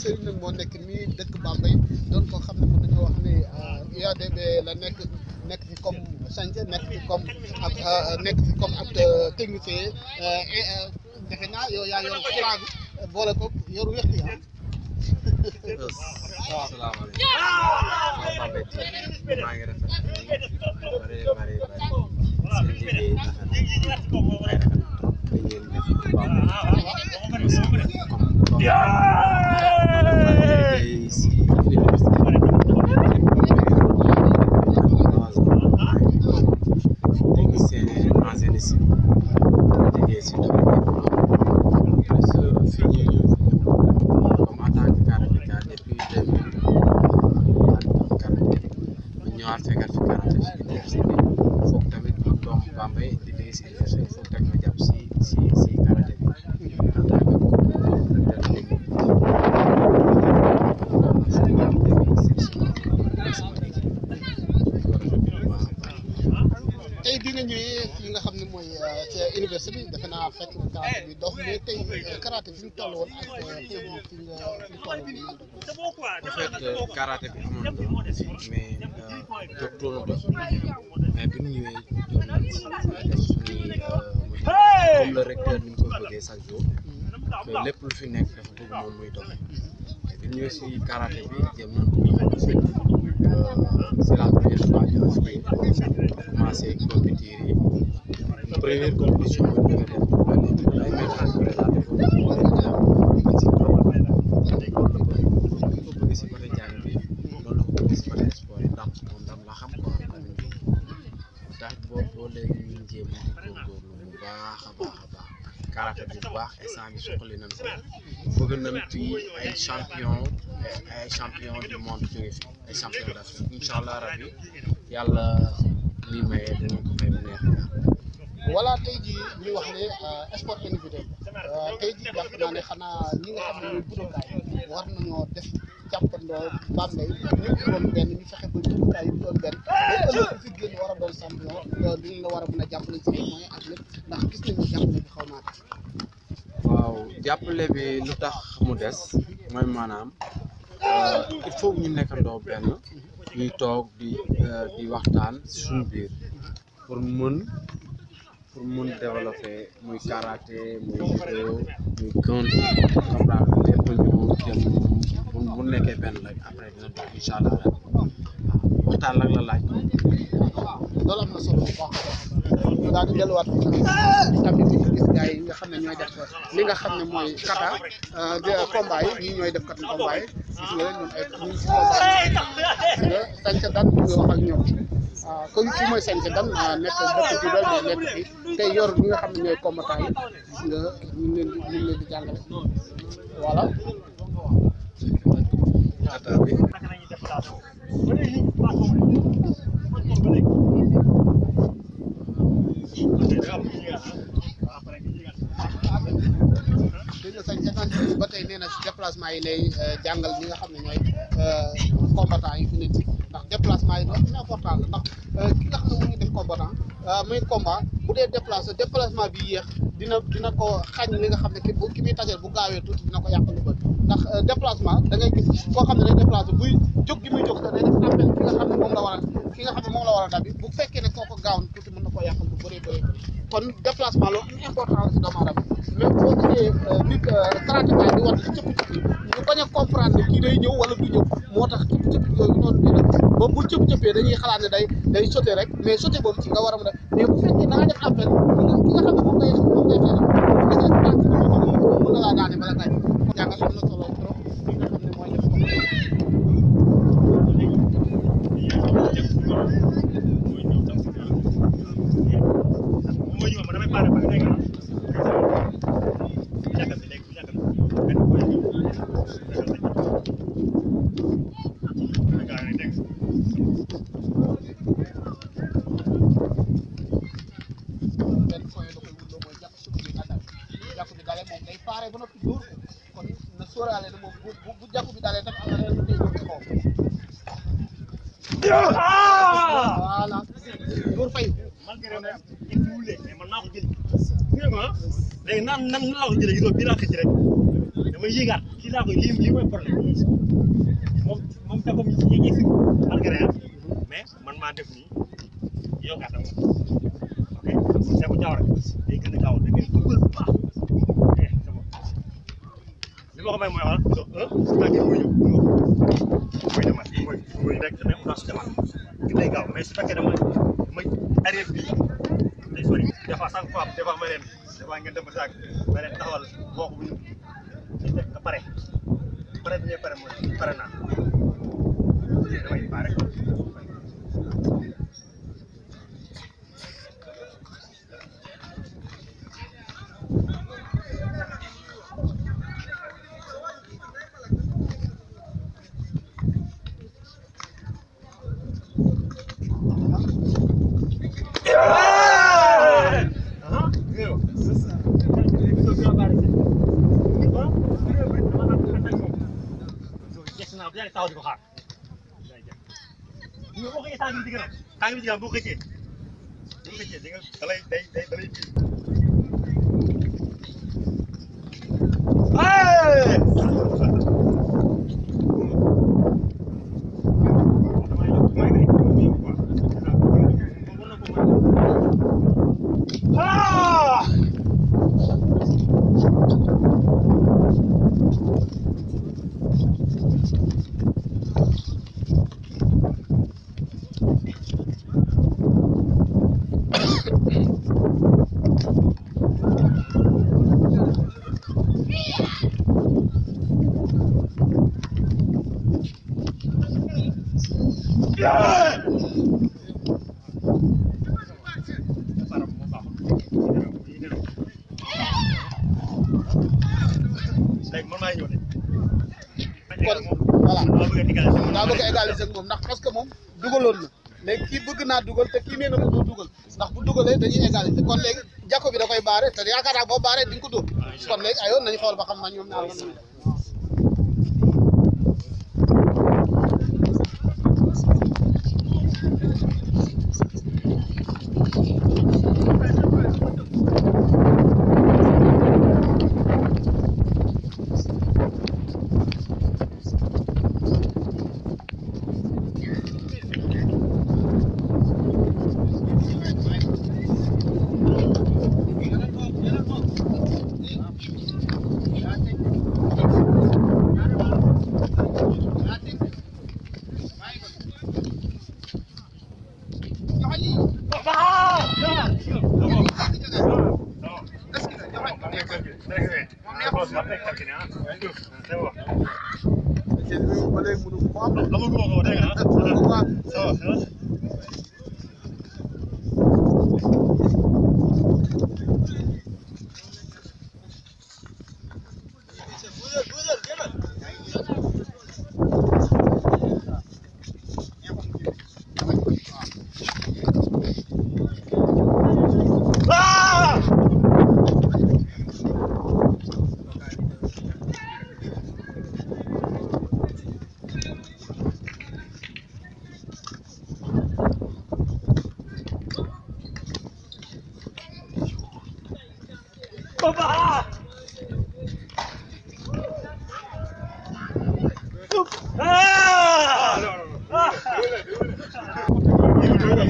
sëriñ mo nek ni dekk dëkk don ko xamne mo dañu wax ni iadb euh, la nek nek ci comme chantier nek ci comme ak euh, nek ci comme ak euh, technicien euh naa yow yaa yor xalaat bi boole ko yor wér gi ah. Yeah. si karaté bi jëm nañ ko commencé euh, c'est la première fois ñu commencé compétir yi première compétition incha allah tey jii ñu wax ne euh, sport euh, jàpp naa ne xanaa ñi nga war nañoo def jàppandoo Bambey ñëpp doon benn ñu fexe ba budookaay yi doon war a doon champion duñ la war a mën a jàppale ci moyen ak ndax gis nañu jàppale bi xaw naa waaw jàppale bi lu tax mu des mooy maanaam euh, il ñu nekkandoo benn ñuy toog di euh, di waxtaan si biir pour mën pour mun développe muy karaté muy judo muy kendo comprendre lépp ñu jëm bu nekkee benn rek après dina dox incha allah waxtaan nag la laaj. loolu am na solo bu baax ñu di delluwaat tamit di gis gars yi nga xam ne li nga xam ne mooy kata euh, combat yi ñii ñooy def kata combat yi gis nga leen ñun ay ñun si daan ñu ngi wax ak ah, mooy sànq daan ah, nekk yor ñi nga xam ne ñooy combattant nga ñu jàngale voilà. suñu sañ combattant bu dee déplacé déplacement bi yéex dina dina ko xañ li nga xam ne ki bu ki muy tajal bu gaawee tuuti dina ko yàq lu bëri ndax euh, déplacement da ngay gis koo xam ne day déplacé buy jóg ne moom la war a ki nga xam ne moom la war a bu fekkee ne kooku gaawoon tuuti mën na koo yàqal lu bëree bëri kon déplacement lu am importance si doomu aadama même boo gisee euh, nit euh, di war di cëpp cëpp ñu bañ day ñëw wala du ñëw moo tax cëpp cëpp yooyu noonu dañuy xalaat ne day day sauter rek mais sauter boobu ci nga war a mën a mais bu fekkee def appel nga xam ne moom ngay moom nga tànk moom mën na malgré mais man maa def nii yokkaat ak ok kon Seeku Jawara day gën a gaaw da ngay dugal bu ok eh, c'est bon li ma ko may mooy xoolal donc un su fekkee mooy ñëw ñëw mooy demaat mooy mooy rek a su gaaw mais su fekkee dama ma arrière bi day sori des fois sànq fois des fois ma leen des fois ngeen bu ñu dañ fekk nga vai para 你们不客气，不客气，这个得来得来，得来 naa dugal te kii na ko doo dugal ndax bu dugalee dañuy égaliser kon léegi jàkko bi da koy baare te yaakaar naa boo baaree di nga ko dóor kon léegi ayoon nañu xool ba xam na ñoom ñaar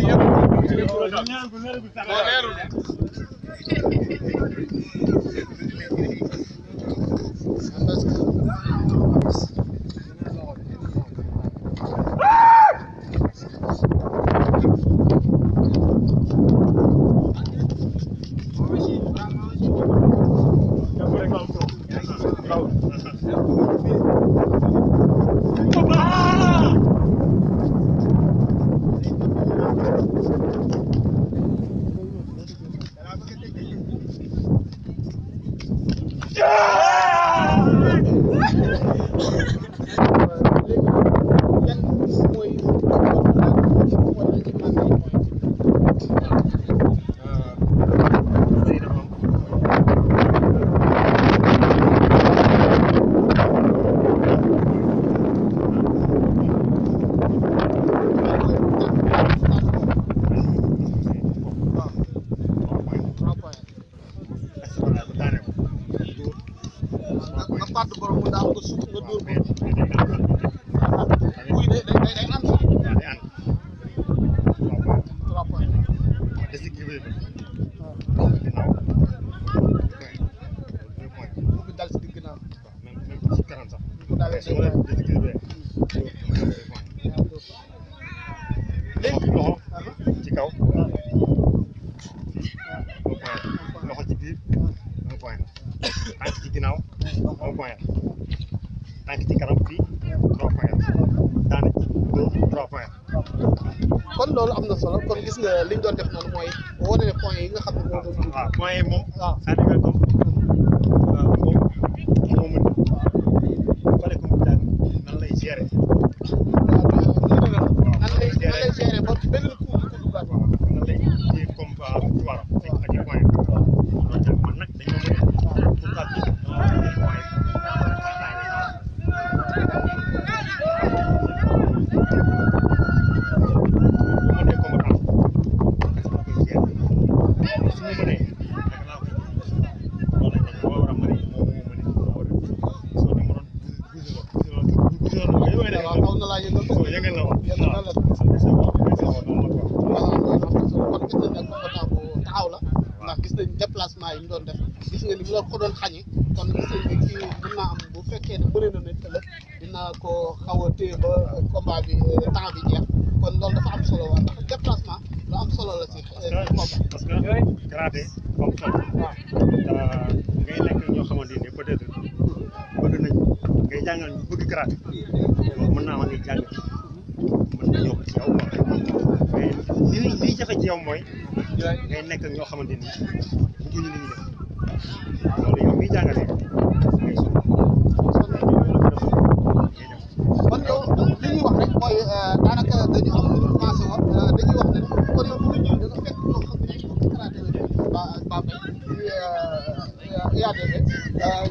Goleiro. Goleiro.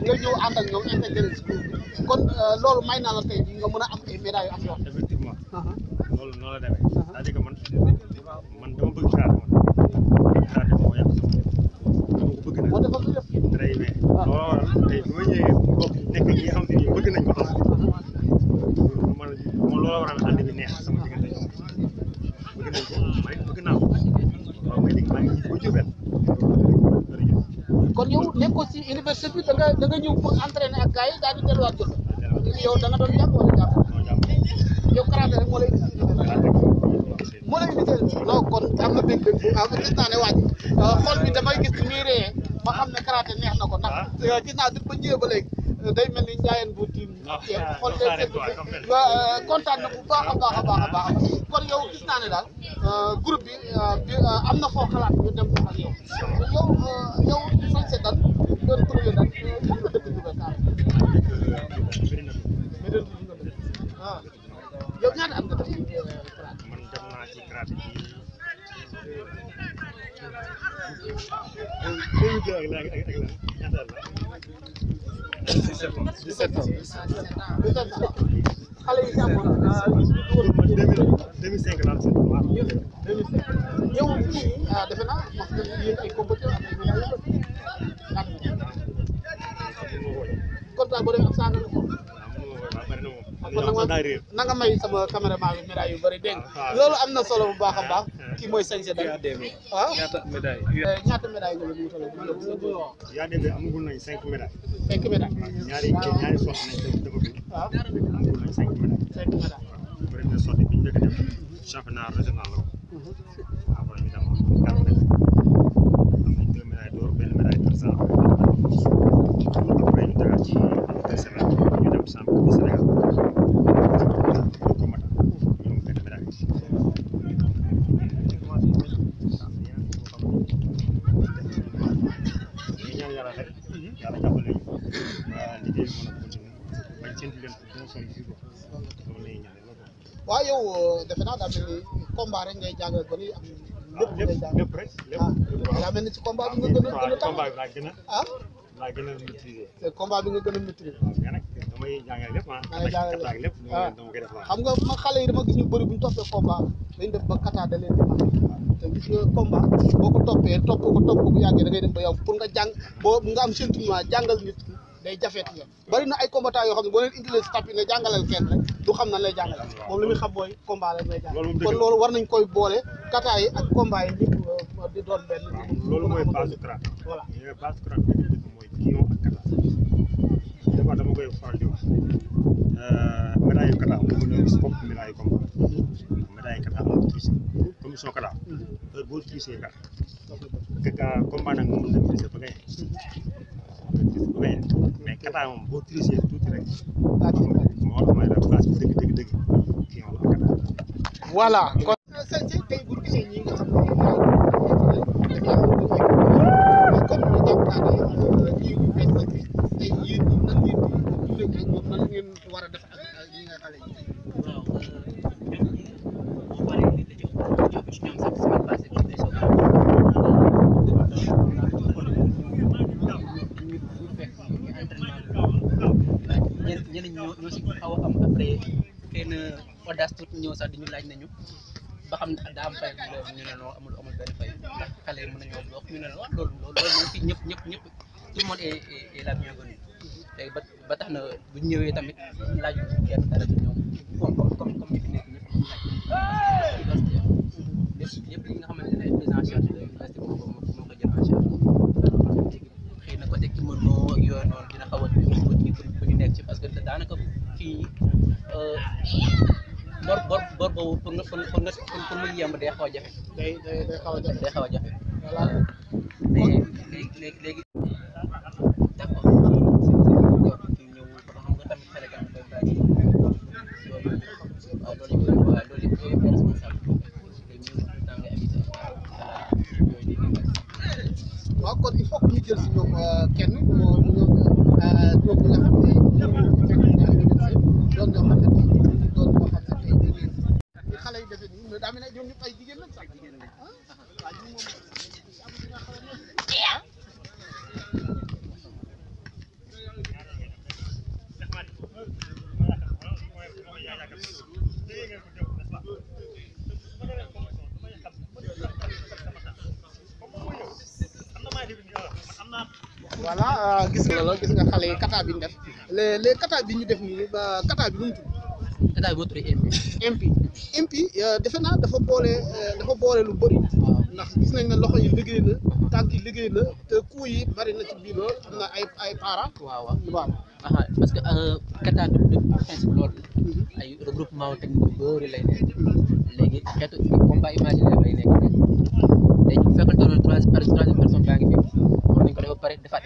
nga ñëw ànd ak ñoom intégré si kon ờ, loolu may na la tey nga mën a am ay médailles am yoon kontaan na bu baax a sama caméraman bi médaille yu bëri dégg ah, loolu ah. am na solo bu baax a baax ah, kii mooy sañse da waaw ñaata médaille eh, ñaata médaille nga yaa dégg amagul nañ cinq médaille cinq médaille ñaari nañ dëgg bi waaw amagul nañ cinq médaille cinq médaille premier sotti bi ñu njëkk def championnat la ñaanal rek yàlla jàppale ñu liggéey bi mën a continuer bañ séntu leen pour la quoi. waaw yow euh, defe naa daa mel ni combat rek ngay jàngal ba lépp ah, lépp lépp rek lépp ah, ni ci combat bi nga gën a ah, gën a tax combat bi laa gën a ah laa gën a maîtriser combat a xam nga ma xale yi dama gis ñu bëri bu toppee combat dañ def ba kata da te gis nga combat boo ko toppee topp ko topp ko bu yàggee da ngay dem ba yow pour nga jàng boo nga am sentiment jàngal nit day jafeeti la bari ay combattant yoo xam ne boo leen indilee si tapis ne jàngalal lay jàngale moom li muy xam mooy combat la lay jàngal kon loolu war nañ koy boole kata yi ak combat yi ñëpp euh, di doon benn loolu mooy base track voilà base track bi nga mooy kiiw a ëpp ɗum sokala heure fiise ka kaka combat nag moom lañ fiise ba gañe ba gañe mais kataa moom boo triché tuuti rek moo xam ne la place bi dëgg dëgg dëgg kii moom kata voilà kon tey yéen nan ngeen war a def ak yi nga xale yi daas tuuti ñëw sax di ñu laaj nañu ba xam ndax daa am fay loolu ñu ne noo amul ñu ne noo loolu ñëpp ñëpp ñëpp tout le monde bu ñu ñëwee tamit laaj kenn dara ci ñoom comme comme fi nekk ñëpp ñu laaj lépp lépp ne ay prise a ñu nekk ci parce que daanaka fii euh, bor bor bor boobu pour nga pour nga pour mu yemb day xaw a jafe. day day day xaw a jafe day xaw a jafe. voilà léegi léegi léegi. léegi kata bi ñu def nii kata bi nu mu tudd. kata bi moo tudd impi. impi euh, defe naa dafa boole euh, dafa boole lu bëri. ndax gis nañ na loxo yi liggéey la. tànk yi liggéey la te coup yi bari na ci biir lool am na ay ay para. parce que euh, kata bi def principe loolu ay regroupement technique bëri lay nekk. léegi xeetu combat imaginaire lay nekk. léegi bu fekkoon ne trois trois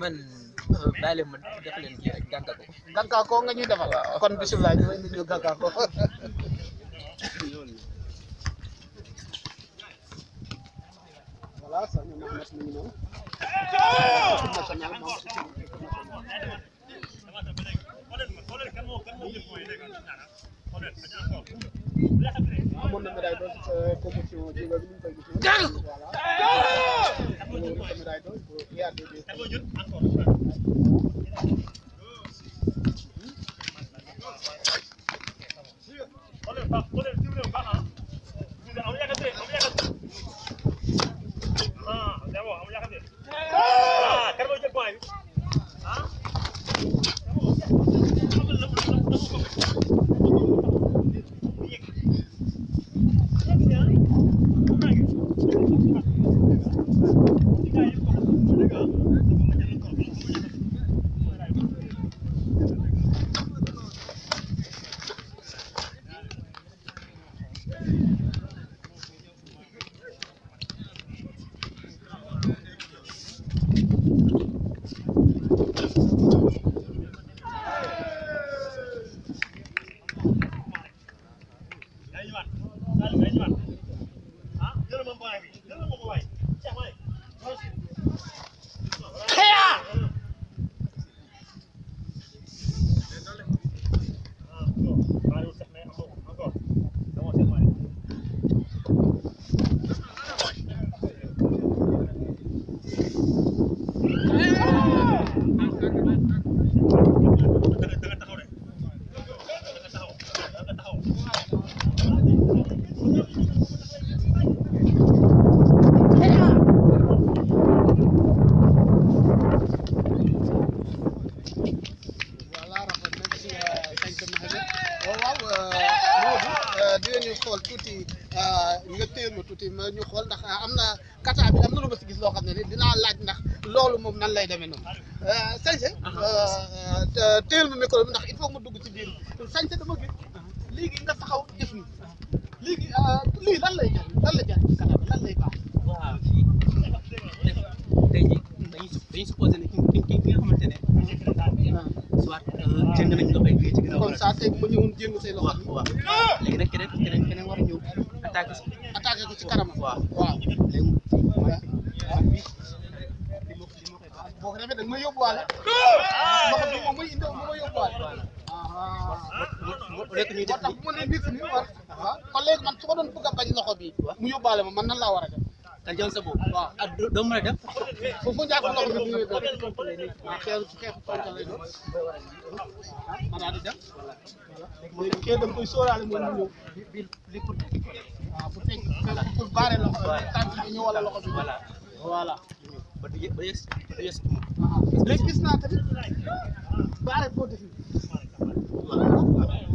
man daal euh, leen man def leen kii rek gànka ko gànka ko nga ñuy defal kon bisimilah ñu ñu gànka ko voilà ça ñu ñu ñu Thank you. amoon na médaille d'or ci compétition jéego bi ñu koy gis noonu voilà amoon na Thank you. jël sa waaw ak doo mën a def foofu ñàkk loxo bi ñu waaw xeetu xeetu tontu lay doon ma daal di dem léegi kee da moom mu loxo bi tànk bi wala loxo bi voilà ba du ba yes ba yes léegi gis naa tamit baare boo defi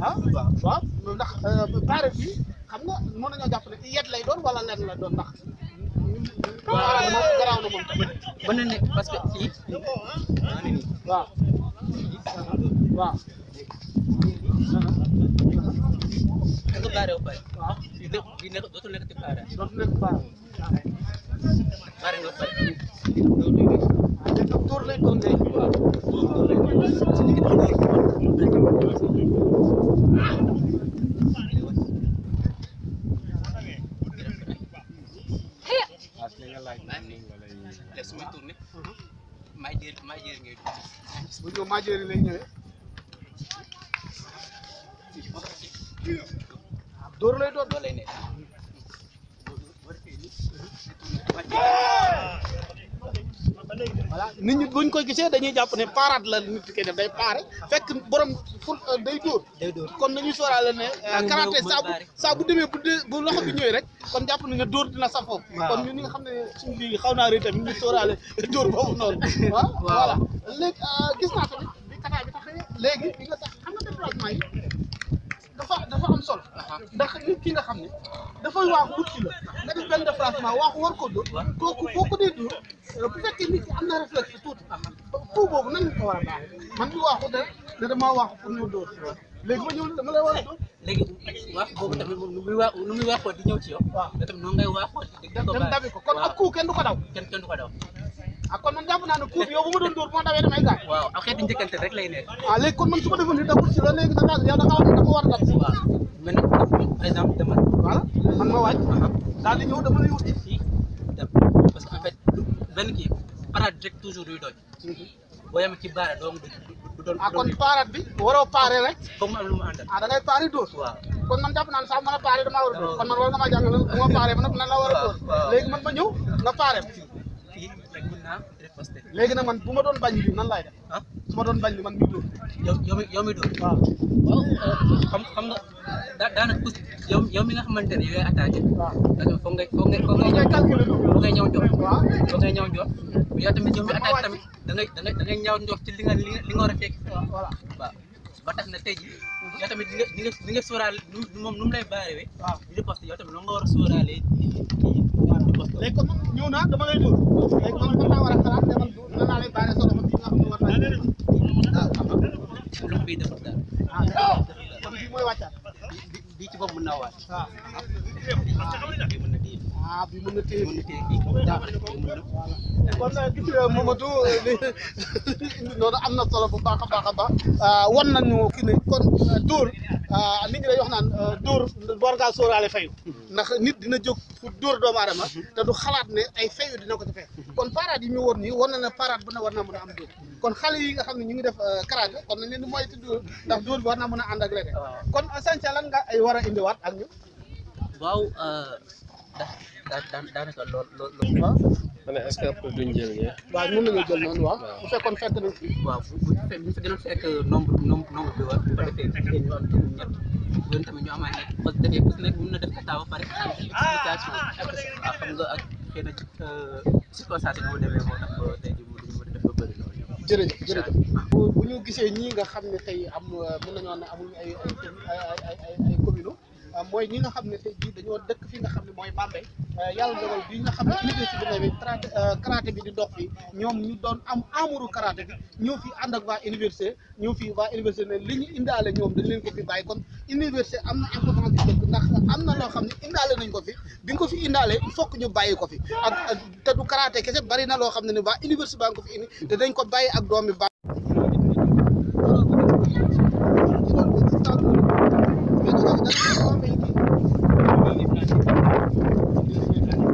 ah waaw ndax euh, baare bi xam na mën nañoo jàpp ne yet lay doon wala lenn la doon ndax waaw dama garaaw na wah wah mën na nekk parce que fii waaw waaw nga baare ba pare waaw nekk bi def sama tournée majeur majeur ne nit ñi buñ koy gisee dañuy jàpp ne paaraat la nit ki def day paare fekk borom pour euh, day dóor. day dóor kon nañu sóoraale ne. Euh, karaté saa bu saa bu demee bu dee bu loxo bi ñëwee rek kon jàpp nañ ne dóor dina sa foofu. kon ñun ñi nga xam ne suñu bi xaw naa rëy tamit ñu sóoraale dóor boobu noonu. waaw voilà léegi euh, gis naa ko bi kataa bi tax léegi bi nga dafa dafa am solo ndax nit ki nga xam ne dafay waaxu wut si la nga def benn déplacement waaxu war ko dóor kooku boo ko dee dóor euh, bu fekkee nit ki am na réflexe tuuti fuu ah, boobu nan ñu a war a baax man bi waaxu de ne damaa waaxu pour léegi ma ñëw ne dama lay war a dóor léegi waax boobu tamit moom nu muy di ñëw ci yow. waaw da tamit noonu ngay waaxoo di ko dabi ko kon ak kuu kenn du ko daw kenn kenn du ko daw Aku man jàpp naa ne coup bi yow bu ma doon dóor bu ma dawee damay gaañ. waaw ak xeeti njëkkante rek lay nekk. ah léegi kon man su ma defoon nii dama si la léegi da ngaa yow da ngaa war a dama war a def. waaw mais nag par exemple dama. voilà man ma wàcc. daal di ñëw dama lay wuti fii dem parce que en fait benn kii parade rek toujours duy léegi nag man bu ma doon bañ bi nan laay def. ah ma doon bañ bi man mi dóor. yow yow mi yow mi dóor. waaw waaw uh, xam xam nga daanaka yow yow mi nga xamante ne yow yaay attaqué. waaw parce que foog nga foog nga foog nga tamit yow mi attaqué tamit da ngay da ngay ci li nga li nga a ba tax na tey jii. yow tamit ni nga ni nga sóoraale moom nu mu lay baareewee. waaw riposte tamit noonu war a sóoraalee léegi comme ñëw naa dama lay dóor léegi man mën naa ah ah bi mën na téye kon euh, gis nga Mamadou euh, noonu am na solo bu baax a baax a euh, wan nañu kii ne kon dóor nit ñi day wax naan dóor war ngaa sóoraale fayu ndax nit dina jóg dóor doomu aadama te du xalaat ne ay fayu dina ko ci fekk kon paraat yi mu woon nii won na ne paraat bu ne war na mën a am dóor kon xale yi nga xam ne ñu ngi def karaat kon nañ leen di moytu dóor ndax dóor bi war naa mën a ànd ak leneen kon Santhia lan nga ay war a indiwaat ak ñu ndax daanaka lool lool loolu waaw. ma ne est-ce que après duñ jël noonu waaw. bu fekk nañ a fekk nombre ko defee ñu ñu am ñett yéen tamit ñu amaat nekk parce que dafay ku nekk mën nga ak xëy na euh, mu mën def ba bëri loolu. jërëjëf bu ñu gisee ñii nga xam ne tey am mën nañoo ne amul ay ay Euh, mooy ñi nga xam ne tey jii dañoo dëkk fi nga xam ne mooy Bambey euh, yàlla dogal bi nga xam ne université bi euh, karaté bi di dox fi ñoom ñu doon am amuru karaté bi ànd ak waa université ñëw fi waa université ne li ñu indaale dañ leen ko fi bàyyi kon université am na importance bi na loo xam ne indaale nañ ko fi bi nga ko fi indaale fokk ñu bàyyi ko fi ak te du karaté kese bari na loo xam ne ne waa université baa nga ko fi indi te dañ ko bàyyi ak doomi ba Thank you.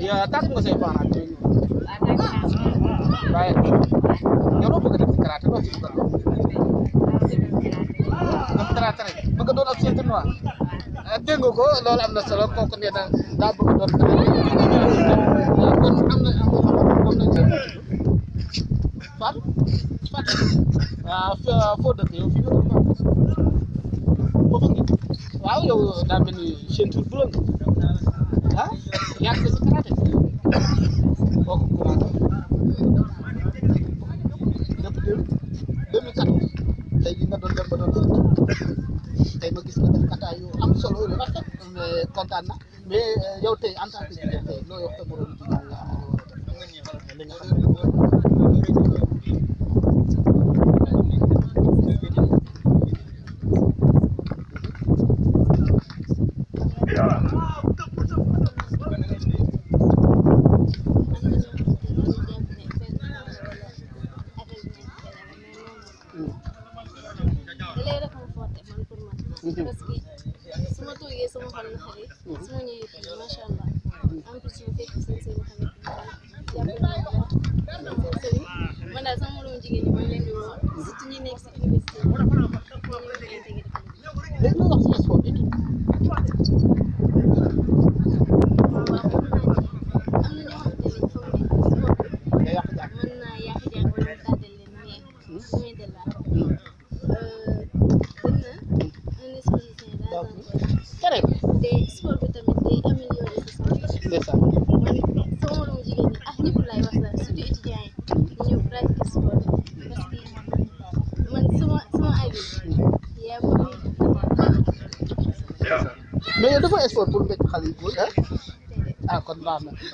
Ya, tak mau saya paham. Baik. Gitu. Ya, lo bukan di terakhir, lo juga. Kamu terakhir, bukan dulu aku sentuh kok, lo lam kok kan dia dah dah bukan Pan, pan. Ah, for the thing, apa? Wow, yo, dah meni sentuh belum? ah yaa ngi ko def boo ko commencé depuis deux mille quatorze tey jii ba doon am solo yu rafet mais kontaan na mais euh, yow tey en tant que jigéen tey loo yokk sa man. parce toogee sama xol na xale. su ma ñëwee allah. en plus ñu fekk seen seen xale yàlla na ko wax seen sëriñ man daal sama moromu jigéen ñi ma leen di woo surtout ñi nekk si université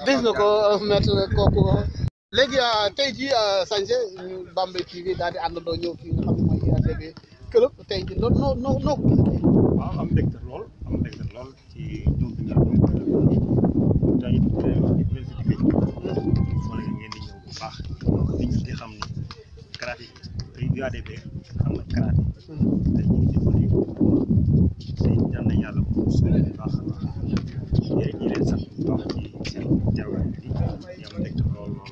gis na ko maître kooku léegi tey jii Sanché Bambey TV daal di àndandoo ñëw fii xam ne mooy tey jii loolu noo noo noo ko waaw am mbégte lool lool ci di ñëw bu a nit ñi di xam ne karaté xam nga karaté tey ñu ngi jëfandi tey ñaan na bu baax ñu leen sant baax seen teewaay bi ñu am mbégte lool lool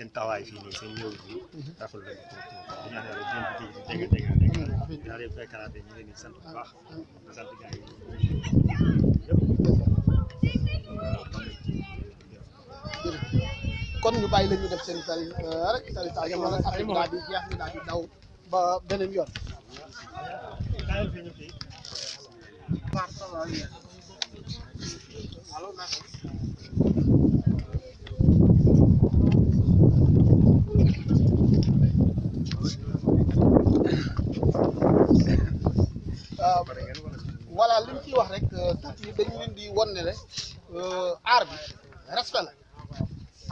a tawaay fii nii seen ñëw bi rafetlu nañ ko di ñaan yàlla jëm ci dégg daal di fay karaate kon ñu bàyyi la def seen tal euh, ba beneen yoon voilà li ñu wax rek euh, dañu leen di won ne euh, aar bi respect la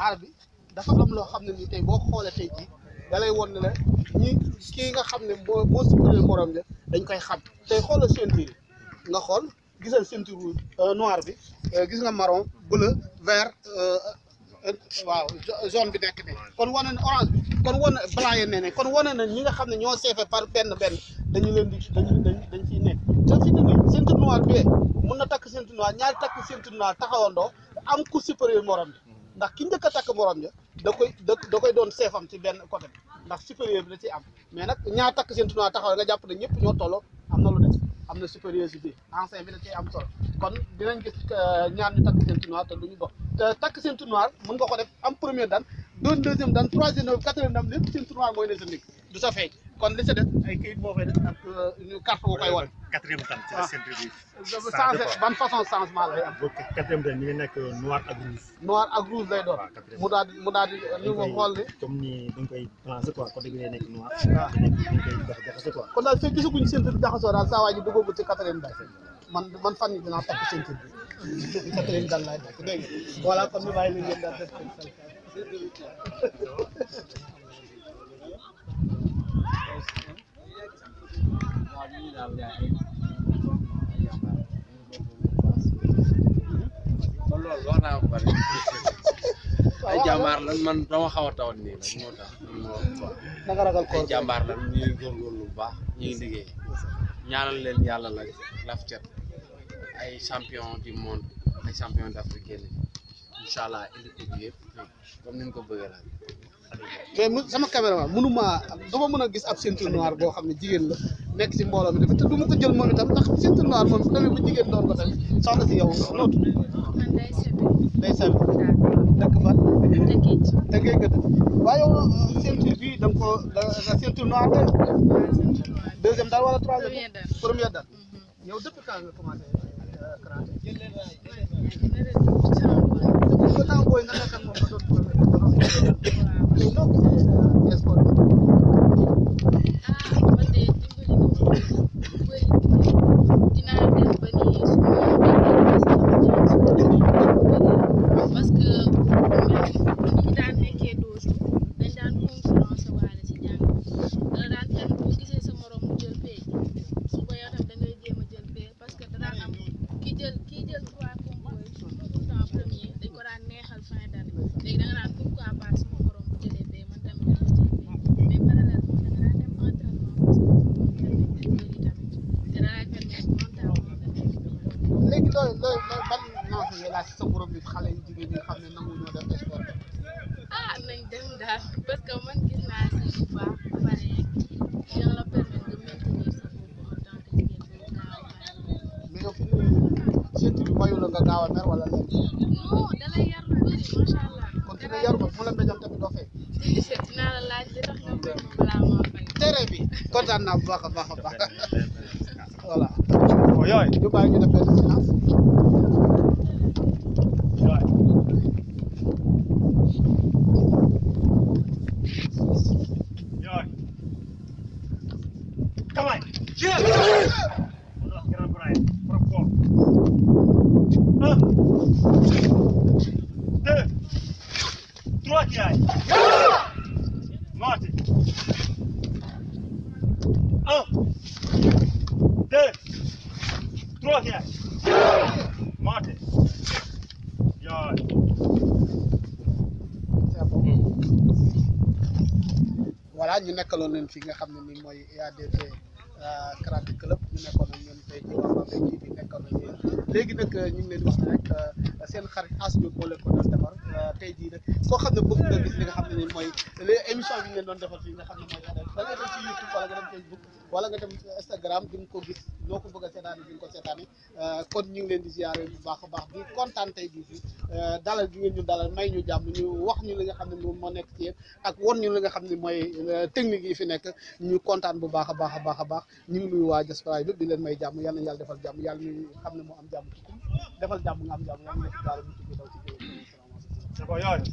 aar bi dafa am loo xam ni tey boo ñi kii nga xam ne boo boo suppalee morom dañ koy xam tey xoolal ceinture nga xool gisal ceinture euh, noir bi euh, gis nga marron bleu vert euh, waaw zone bi nekk nii kon wane na orange kon wane na blanc ne ne kon wane na ñi nga xam ne ñoo seefe par benn benn dañu leen di dañu dañ dañ nekk te fi mu ne ceinture noir bi mun na takk ceinture noir ñaari takk ceinture noir taxawandoo am ku supérieur morom bi ndax ki njëkk a takk morom ja da koy da koy doon seefam ci benn côté ndax supérieur bi da ciy am mais nag ñaa takk seen ñoo tolloo am na lu des am na supériorité enseigne bi da ciy ñaar takk seen tunaa te lu ñu dox te takk seen tunaa mën nga troisième dan quatrième mooy ne sa ndig du sa feeñ kon li ci des ay kayit moo koy def ak ñu euh, carte bu koy wan. quatrième temps ci la centre bi. changé ban façon changement lay am. quatrième temps mi ngi nekk noir ak rouge. noir ak rouge lay doon. Ah, mu daal di mu daal di ñu ko xool ni. comme ni dañ koy balancé quoi côté bi lay nekk noir. waaw ah. dañ koy jaxase quoi. kon daal fekk gisaguñ centre bi jaxasoo daal saa waay ji duggagul ci quatrième temps. man man fan yi dinaa takk centre bi. quatrième temps laay nekk dégg nga. voilà kon ñu bàyyi la ngeen daal def ay jàmbaar lan man dama xaw a tawat nii rek moo tax. naka ragal koor ay jàmbaar baax ñu ngi liggéey ñaanal leen yàlla la laf cet ay champion du monde ay champion d'Afrique yi ko bi sama caméraman mënuma dama mën a gis ab ceinture boo xam ne jigéen la. nekk ci mbooloo mi tamit te du ma moom itam ndax noor moom su si yow noo tudd. man day sëb. day sëb. dëkk fan. dëkk euh, bi da wala troisième. première daal mhm. yow dinarden ba ne su bu baax a baax a Oi, oi. yooyu ñu bàyyi ñu def benn silence. Deux, trois, quatre. Monte. pięć, Maty. Jaj. voilà ñu nekkaloon leen fi nga xam ne nii mooy EADT euh, Karate Club ñu nekkoon ak ñoom tey jii wax na ci bi nekkoon léegi nag euh, ñu ngi leen di euh, seen xarit as bi moo leen ko tey jii nag koo xam ne bëgg nga xam ne nii mooy émission bi ñu leen doon defar fii nga xam ne mooy da nga dem ci YouTube wala nga dem Facebook. wala nga dem Instagram di nga ko gis loo ko bëgg a seetaani di nga ko seetaani eh, kon ñu ngi leen di ziare bu baax a baax di kontaan tey jii fi eh, dalal gi ngeen ñu dalal may ñu jàmm ñu wax ñu li nga xam ne moom moo nekk ci yéen ak won ñu li nga xam ne mooy eh, technique yi fi nekk ñu kontaan bu baax a baax a baax a baax ñu waa diaspora bi di leen may jàmm yàlla na yàlla defal jàmm yàlla ñu xam ne moo am jàmm tukkum defal jàmm nga am jàmm yàlla na ci daal mu tukki daw ci